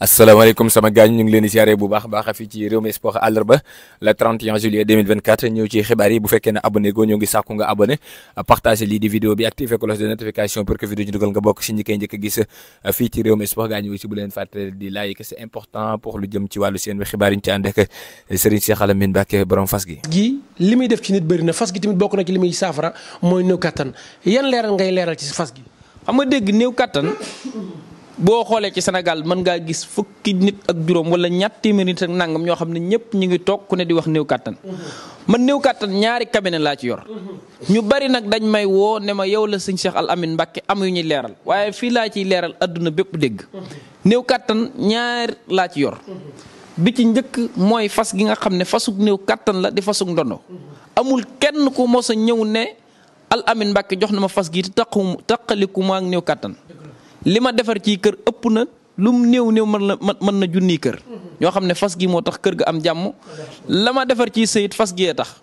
asalaamaaleykum sama gaañ ñu ngi leen di bu baax baax fii ci Rewmi Sport àllarba le 31 ñëw ci xibaar yi bu fekkee ne abonné goo ñoo ngi sàkku nga abonné partagé lii di vidéo bi activé cloche de notification pour que vidéo ñu dugal nga bokk si ñi koy njëkk gis fii ci Rewmi Sport gaañ aussi bu leen fàtte di like c'est important pour lu jëm ci wàllu seen wi xibaar yi ñu ci ànd ak Serigne Cheikh Alamine Mbacke borom fas gi gi def ci nit bëri boo xoolee ci senegal mën ngaa gis fukki nit ak juróom wala ñatt téeméeri nit ak nangam ñoo xam ne ñëpp ñu ngi toog ku ne di wax néew kàttan man néew kàttan ñaari cabinet laa ci yor ñu bari nag dañ may woo ne ma yow la sëñ Cheikh Al Amine Mbacke am yu ñuy leeral waaye fii laa ciy leeral àdduna bépp dégg néew kàttan ñaar laa ci yor bi ci njëkk mooy fas gi nga xam ne fasug néew kàttan la di fasug ndono amul kenn ku mos a ñëw ne Al Amine jox na ma fas gi te taqaliku ma néew kàttan li ma defar ci kër ëpp na lu mu néew néew mën na mën na junni kër. ñoo xam ne fas gi moo tax kër ga am jàmm. la ma defar ci sëyit fas giyee tax.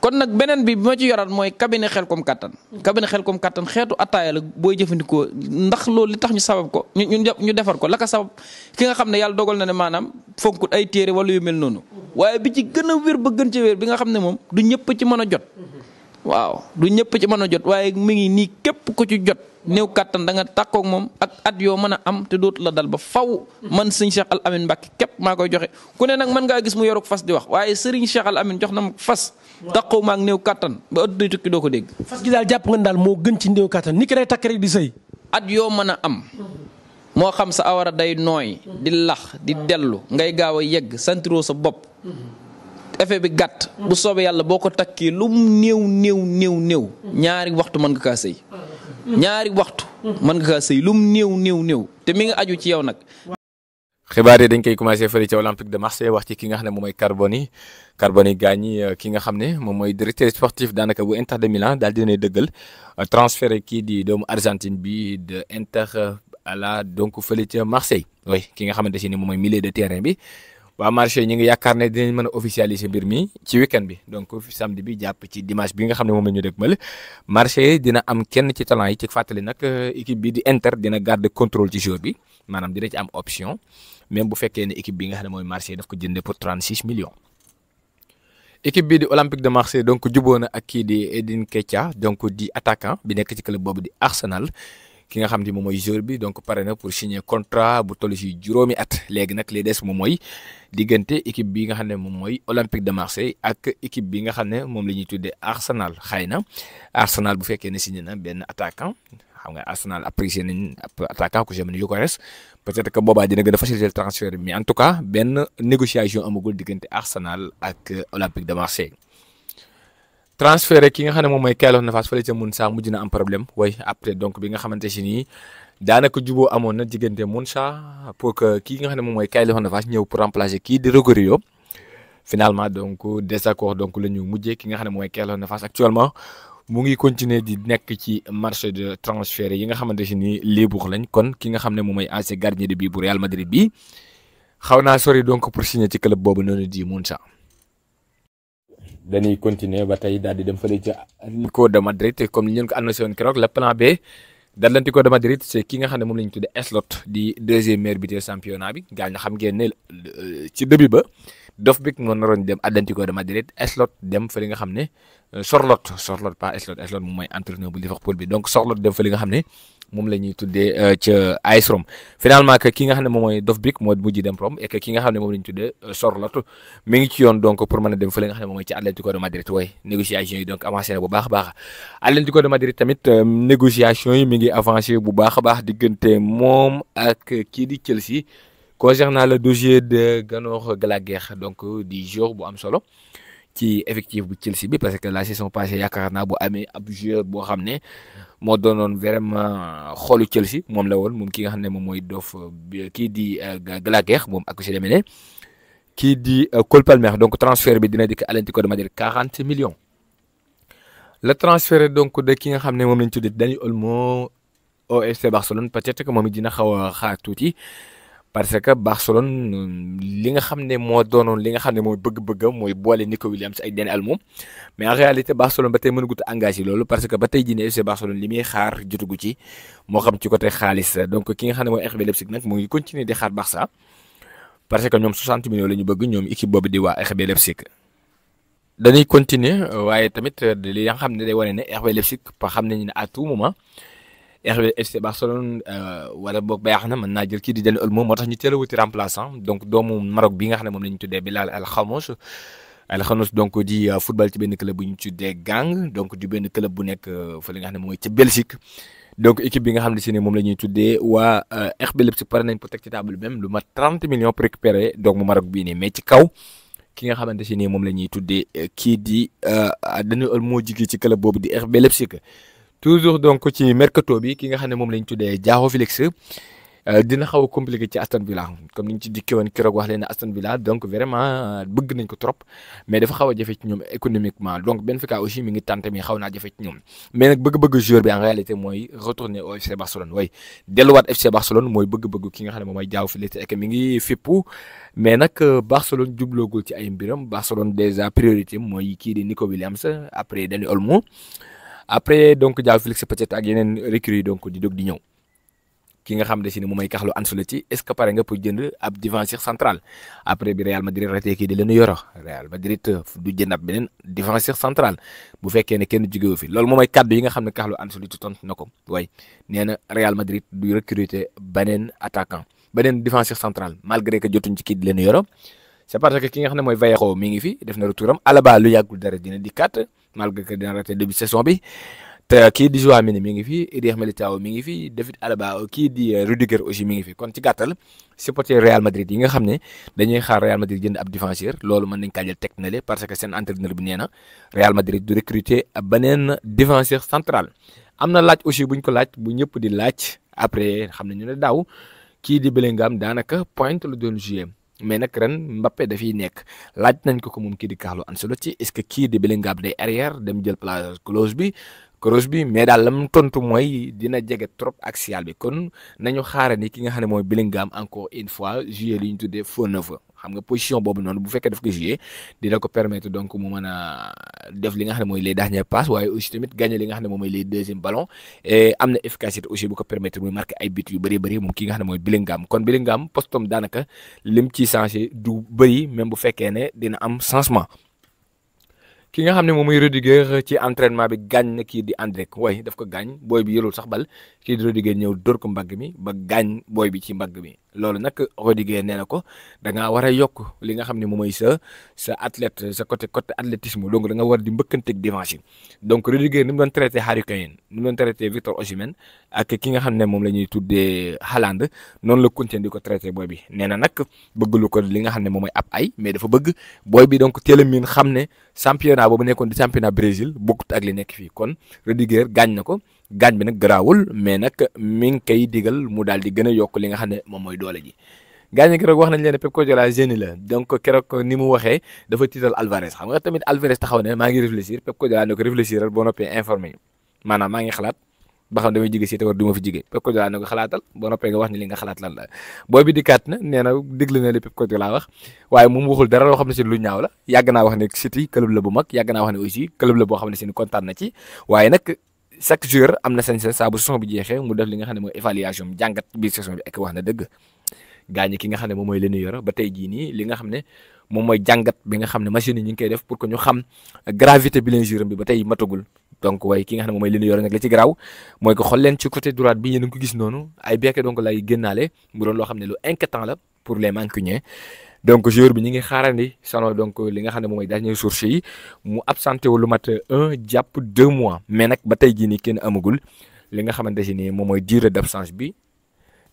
kon nag beneen bi bi ma ci yoraat mooy cabinet Xelcom Kattan. xel Xelcom Kattan xeetu attaaya booy jëfandikoo ndax loolu li tax ñu sabab ko ñu ñu defar ko lakka ka sabab ki nga xam ne yàlla dogal na ne maanaam fonkut ay téere wala yu mel noonu. waaye bi ci gën a wér ba gën ci wér bi nga xam ne moom du ñëpp ci mën a jot. waaw du ñëpp mën a jot waaye mi ngi nii képp ko ci jot. néew kàttan da nga tàkkoog moom ak at yoo mën a am te dootu la dal ba faw man sëñ Cheikh Al Amin Mbacke képp maa koy joxe ku ne nag mën ngaa gis mu yoruk fas di wax waaye sëriñ Cheikh Al Amin jox na ma fas tàqoo maak néew kàttan ba ëtt day tukki doo ko dégg fas gi daal jàpp nga daal moo gën ci néew kàttan ni ki day takk rek di sëy at yoo mën a am moo xam sa awara day nooy di lax di dellu ngay gaaw a yegg santiroo sa bopp effet bi gàtt bu soobee yàlla boo ko takkee lu néew néew néew néew ñaari waxtu mën nga kaa sëy ñaari waxtu. man nga kaa sëy lum néew néew néew te mi ngi aju ci yow nag. xibaar yi dañ koy commencé fële ci Olympique de Marseille wax ci ki nga xam ne moom mooy Carboni Carboni gaañi euh, ki nga xam ne moom mooy directeur sportif daanaka bu Inter de Milan daal di ne dëggal euh, transféré kii di doomu Argentine bi de Inter euh, à donc fële ca Marseille oui ki nga xamante si ni moom mooy milieu de terrain bi. waa marché ñu ngi yaakaar ne dinañ mën a officialiser mbir mi ci weekend bi donc samedi bi jàpp ci dimanche bi nga xam ne moom la ñu dëgmal marché dina am kenn ci talent yi ci fàttali nag euh, équipe bi di Inter dina garder contrôle ci jour bi maanaam dina ci am option même bu fekkee ne equipe bi nga xam ne mooy marché def ko jëndee pour 36 millions. équipe bi di Olympique de Marseille donc juboo na ak kii di Edin Ketia donc di attaquant bi nekk ci club boobu di Arsenal. ki nga xam ni moom mooy joueur bi donc pare na pour signer contrat bu toll si juróomi at léegi nag li des moom mooy diggante équipe bi nga xam ne moom mooy Olympique de Marseille ak équipe bi nga xam ne moom la ñuy tuddee Arsenal xëy na Arsenal bu fekkee ne signe na benn attaquant xam nga Arsenal apprécié nañ attaquant ku jamono yu ko que boobaa dina gën a faciliter le transfert mais en tout cas benn négociation amagul diggante Arsenal ak Olympique de Marseille. transféré ki nga xam ne moom mooy Keylor Navas fële ca Monza mujj na am problème way après donc bi nga xamante si nii daanaka juboo amoon na diggante Monza pour que kii nga xam ne moom mooy Keylor Navas ñëw pour remplacer finalement donc désaccord donc la ñu mujjee ki nga xam ne mooy Keylor Navas actuellement mu ngi continuer nekk ci marché de transfert yi nga xamante si nii libre lañ kon ki nga xam ne moom mooy en gardien de but bu Real Madrid bi xaw naa sori donc pour signer ci club boobu noonu di Monza dañuy continuer ba tey daal di dem fële ca Atlético de Madrid comme ni ñu ko annoncé woon keroog le plan B d' Atlético de Madrid c' est ki nga xam ne moom la ñu tuddee Slot di deuxième meilleur buteur championnat bi gaañ na xam ngeen ne euh, ci début ba. dof bik moo naroon dem Atlético de Madrid Slot dem fa li nga xam ne Sorloth euh, Sorloth pas Slot Slot moom mooy entraîneur bu bi donc Sorloth dem fa li nga xam ne moom la ñuy tuddee euh, ca AS Rome finalement que ki nga xam ne moom mooy dof bik moo mujj dem Rome ki nga xam ne moom la ñu tuddee Sorloth euh, mi ngi ci yoon donc pour mën a dem fa ne moom ci Atlético de Madrid waaye négociation yi donc avancé na bu baax a baax Atlético de tamit négociation yi mi ngi avancé bu baax a baax diggante moom ak kii di Chelsea. concernant le dossier de Ganor Gallagher donc di joueur bu am solo ci effective bu Chelsea bi parce que la saison passée yaakaar bu amee ab joueur boo xam ne moo doonoon vraiment xoolu Chelsea moom la woon moom ki nga xam ne moom mooy dof kii di euh, Gallagher moom ak si demee ne kii di euh, Cole Palmer donc transfert bi dina dikk Atlético de Madrid 40 millions le donc de ki nga xam ne moom lañ tuddee Dani Olmo OFC Barcelone peut-être moom it dina xaw a tuuti. parce que Barcelone li nga xam ne moo doonoon li nga xam ne mooy bëgg-bëggam mooy boole Nico Williams ak Dani Almo mais en réalité Barcelone ba tey mënagut a engagé loolu parce que ba tey jii ne FC Barcelone li muy xaar jotugu ci moo xam ci côté xaalis donc ki nga xam ne mooy RB Leipzig nag mu ngi continuer di xaar Barça parce que ñoom 60 millions la ñu bëgg ñoom équipe boobu di waa RB Leipzig. dañuy continuer waaye tamit li nga xam ne day wane ne RB Leipzig xam nañu ne à tout moment. FC Barcelone euh, wala boog baax na mën naa jël kii di Dani Olmo moo tax ñu teel a wuti remplaçant donc doomu Maroc bi nga xam ne moom la ñu tuddee Bilal Al Khomous Al Khomous donc di euh, football ci benn club bu ñu tuddee Gang donc di benn club bu nekk euh, fa li nga xam ne mooy ca Belgique. donc équipe bi nga xam ne si ne moom la ñuy tuddee waa RB Leipzig pare nañ pour teg ci table même lu mat 30 millions pour récupérer doomu Maroc bii nii mais ci kaw. ki nga xamante si nii moom la ñuy tuddee kii di Dani Olmo moo jigee ci club boobu di RB Leipzig toujours donc ci mercato bi ki nga xam ne moom lañ tuddee Joao Félix euh, dina xaw a compliqué ci Aston Villa comme ni ñu ci dikkee woon keroog wax leen Aston Villa donc vraiment euh, bëgg nañ ko trop mais dafa xaw a jafe ci ñoom économiquement donc Benfica aussi mi ngi tànte mi xaw naa jafe ci ñoom mais nag bëgg-bëgg joueur bi en réalité mooy retourner au FC Barcelone way delluwaat FC Barcelone mooy bëgg-bëgg ki nga xam ne moom mooy Joao Félix ek mi ngi fippu mais nag euh, ci ay mbiram Barcelone déjà priorité mooy kii di Nico Williams après Dani Olmo après donc Joao Félix peut-être ak yeneen recrues donc di dog di ñëw ki nga xam ne si ne moom mooy Carlo Ancelotti est-ce que pare nga pour jënd ab défenseur central kii di leen yoro Real euh, beneen défenseur central bu fekkee ne kenn jugee fi loolu moom mooy kaddu yi nga xam ne Carlo Ancelotti tontu na ko waaye nee na Real Madrid du recruter beneen attaquant beneen défenseur central malgré que jotuñ ci kii di leen yoro c'est parce que ki nga xam ne mooy Vallejo mi ngi fi def na retouram Alaba lu yàggul dara dina di kat. malgré que dina raté début saison bi te kii di Joao Mané mi ngi fi Eder Militão mi ngi fi David Alaba kii di euh, Rudiger aussi mi ngi fi kon ci gàttal supporter Real Madrid yi nga xam ne dañuy xaar Real Madrid jënd ab défenseur loolu mën nañ kàjjal teg na le parce que seen entraîneur bi nee na Real Madrid du recruter beneen défenseur central am na laaj aussi buñ ko laaj bu ñëpp di laaj après xam ñu ne daaw kii di Bellingham daanaka pointe la doon jouer mais nag ren Mbappé dafiy nekk laaj nañ ko ko moom kii di Carlo Ancelotti est-ce que kii di Bellingham day arrière dem jël place close bi cross bi mais daal lam tontu mooy dina jege trop ak Sial bi kon nañu xaarandi ki nga xam ne mooy Bellingham encore une fois joué li ñu tuddee faux neuf xam nga position boobu noonu bu fekkee daf ko joué dina ko permettre donc mu mën a def li nga xam mooy les dernières passes waaye aussi tamit gagné li nga xam ne moom mooy les deuxième ballon et am na efficacité aussi bu ko permettre muy marqué ay but yu bëri bëri moom ki nga xam ne mooy Bellingham kon Bellingham postom bu fekkee ne dina am changement. ki nga xam ne moom mooy Rudiger ci entraînement bi gaañ na kii di André waaye daf ko gaañ booy bi yëlul sax bal kii di Rudiger ñëw dóor ko mbagg mi ba gaañ booy bi ci mbagg mi loolu nag Rudiger nee na ko da ngaa war a yokk li nga xam ne moom mooy sa sa athlète sa côté côté athlétisme donc da nga war di mbëkkanteeg défense yi donc Rudiger ni mu doon traité Harry Kane ni mu doon traité Victor Osimhen nga xam ne moom la ñuy tuddee Haaland noonu la continué ko traité booy bi nee na nag bëgg lu ko li nga xam ne moom mooy ab ay mais dafa bëgg booy bi donc teel a miin xam ne champion championnat boobu nekkoon di championnat Brésil bokkut ak li nekk fii kon Rudiger gaañ na ko gaañ bi nag garaawul mais nag mi ngi digal mu daal di gën a yokk li nga xam ne mooy doole ji. gaañ keroog wax nañ leen ne Pep Guardiola génie la donc keroog ni mu waxee dafa tiital Alvarez xam nga tamit Alvarez taxaw ne maa ngi réfléchir Pep Guardiola ne ko réfléchir ba noppee informé maanaam xalaat. ba xam damay jige si te war du ma fi jige Pep Guardiola ne ko xalaatal boo noppee nga wax ni li nga xalaat lan la booy bi dikkaat na nee na déglu na li Pep Guardiola wax waaye moom waxul dara loo xam ne si lu ñaaw la yàgg naa wax ne City club la bu mag yàgg naa wax ne aussi club la boo xam ne si kontaan na na sañ bu bi jeexee mu def li nga xam ne mooy évaluation jàngat biir saison bi ak wax na dëgg ne moom mooy lenu yoro ba tey jii nii li nga xam ne moom mooy jàngat bi nga xam ne machine yi ñu ngi koy def pour que ñu xam gravité bi leen jouram bi ba tey matagul donc waaye ki nga xam ne mooy li ñu yore nag la ci garaaw mooy ko xool leen ci côté droite bi ñu ngi ko gis noonu ay bekke donc lay génnaale mu doon loo xam ne lu inquiétant la pour les Mancuniens donc joueur bi ñu ngi xaarandi selon donc li nga xam ne moom mooy dernier source yi mu absenté wu lu mat un jàpp deux mois mais nag ba tey jii nii kenn amagul li nga xamante si nii moom mooy durée d'absence bi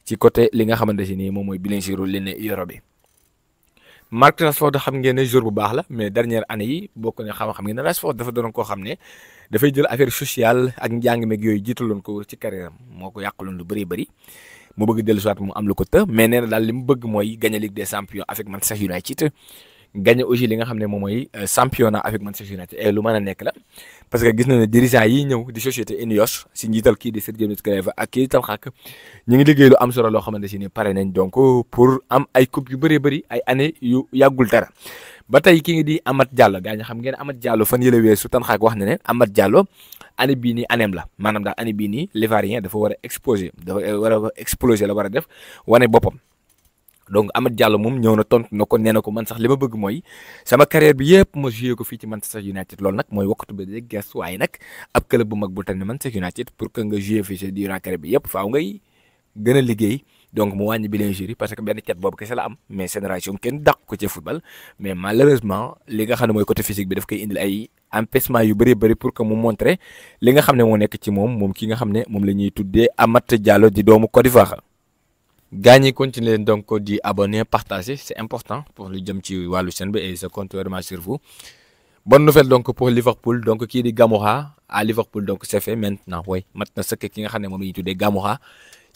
ci côté li nga xamante si nii moom mooy bilan si ru leen yoro bi Mark Rashford xam ngeen ne jour bu baax la mais dernière année yi bokk ne xam-xam ngeen ne Rashford dafa doon koo xam ne dafay jël affaire sociale ak njàng meeg yooyu jiitaloon ko ci carrière am moo ko yàqaloon lu bëri bëri mu bëgg dellusiwaat mu am lu ko të mais nee na daal li mu bëgg mooy gagner Ligue des Champions avec Manchester United gagné aussi li nga xam ne moom mooy euh, championnat avec Manchester United et lu mën a nekk la parce que gis na ne dirigeant yi ñëw di société Ineos si njiital kii di Sergio Gnabry ak kii di Ten Hag ñu ngi liggéey lu am solo loo xamante si ni pare nañ donc pour am ay coupe yu bëree bëri ay année yu yàggul dara ba tey kii ngi di Amat Diallo gaa ñi xam ngeen Amat jaalo fan yële weesu Ten Hag wax na ne Amat Diallo année bii ni anem la maanaam daal année bii nii l'Ivoirien dafa war a exposé dafa euh, war a exploser la war a def wane boppam donc Amad Diallo moom ñëw na tontu na ko nee na ko man sax li ma bëgg mooy sama carrière bi yëpp ma joué ko fii ci Manchester United loolu nag mooy waxtu bi de gëstu waaye nag ab club bu mag bu tane Manchester United pour que nga joué fii ci durant carrière bi yëpp faaw ngay gën a liggéey donc mu wàññi bilingerie parce que benn cat boobu kese la am mais génération kenn dàq ko ci football mais malheureusement li nga xam ne mooy côté physique bi daf k indil ay empêchement yu bëri bëri pour que mu montré li nga xam ne moo nekk ci moom moom ki nga xam ne moom la ñuy tuddee Amad Diallo di doomu Côte d'Ivoire gaa ñi continuer leen donc di abonner partager c'est important pour lu jëm ci wàllu chaîne bi et je compte vraiment sur vous bonne nouvelle donc pour Liverpool donc kii di Gamoura à Liverpool donc c'est fait maintenant way mat na ki nga xam ne moom la ñuy tuddee Gamoura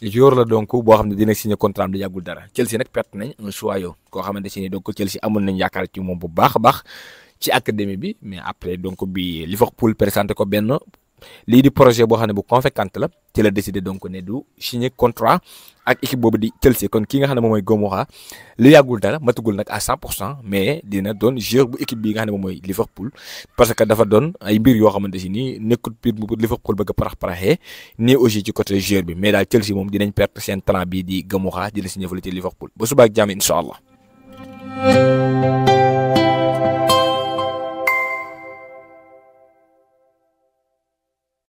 yor la donc boo xam ne dina signé contrat am di yàggul dara Chelsea nag perte nañ un choix yow koo xamante ne donc Chelsea amoon nañ yaakaar ci moom bu baax baax ci académie bi mais après donc bi Liverpool présenté ko benn. lii di projet boo xam ne bu conséquente la ci la décidé donc ne du signé contrat ak équipe boobu di Chelsea kon ki nga xam ne moom mooy Gomora li yàggul dara matagul nag à 100 pour cent mais dina doon joueur bu équipe bi nga xam ne moom mooy Liverpool parce que dafa doon ay mbir yoo xamante si nii nekkut mbir bu Liverpool bëgg a parax paraxee nii aussi ci côté joueur bi mais daal Chelsea moom dinañ perte seen talent bii di Gomora dina signé fële ci Liverpool ba suba ak jàmm incha allah.